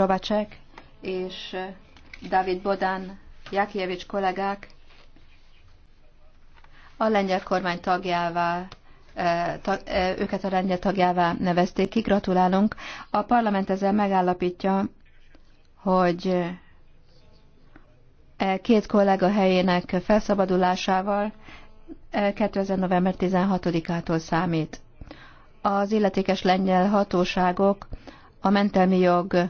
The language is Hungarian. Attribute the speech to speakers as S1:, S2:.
S1: Robacek
S2: és eh, David Bodan Jakievics kollégák a lengyel kormány tagjává eh, eh, őket a lengyel tagjává nevezték ki. Gratulálunk. A parlament ezzel megállapítja, hogy e két kollega helyének felszabadulásával 2000. november 16-ától számít. Az illetékes lengyel hatóságok a mentelmi jog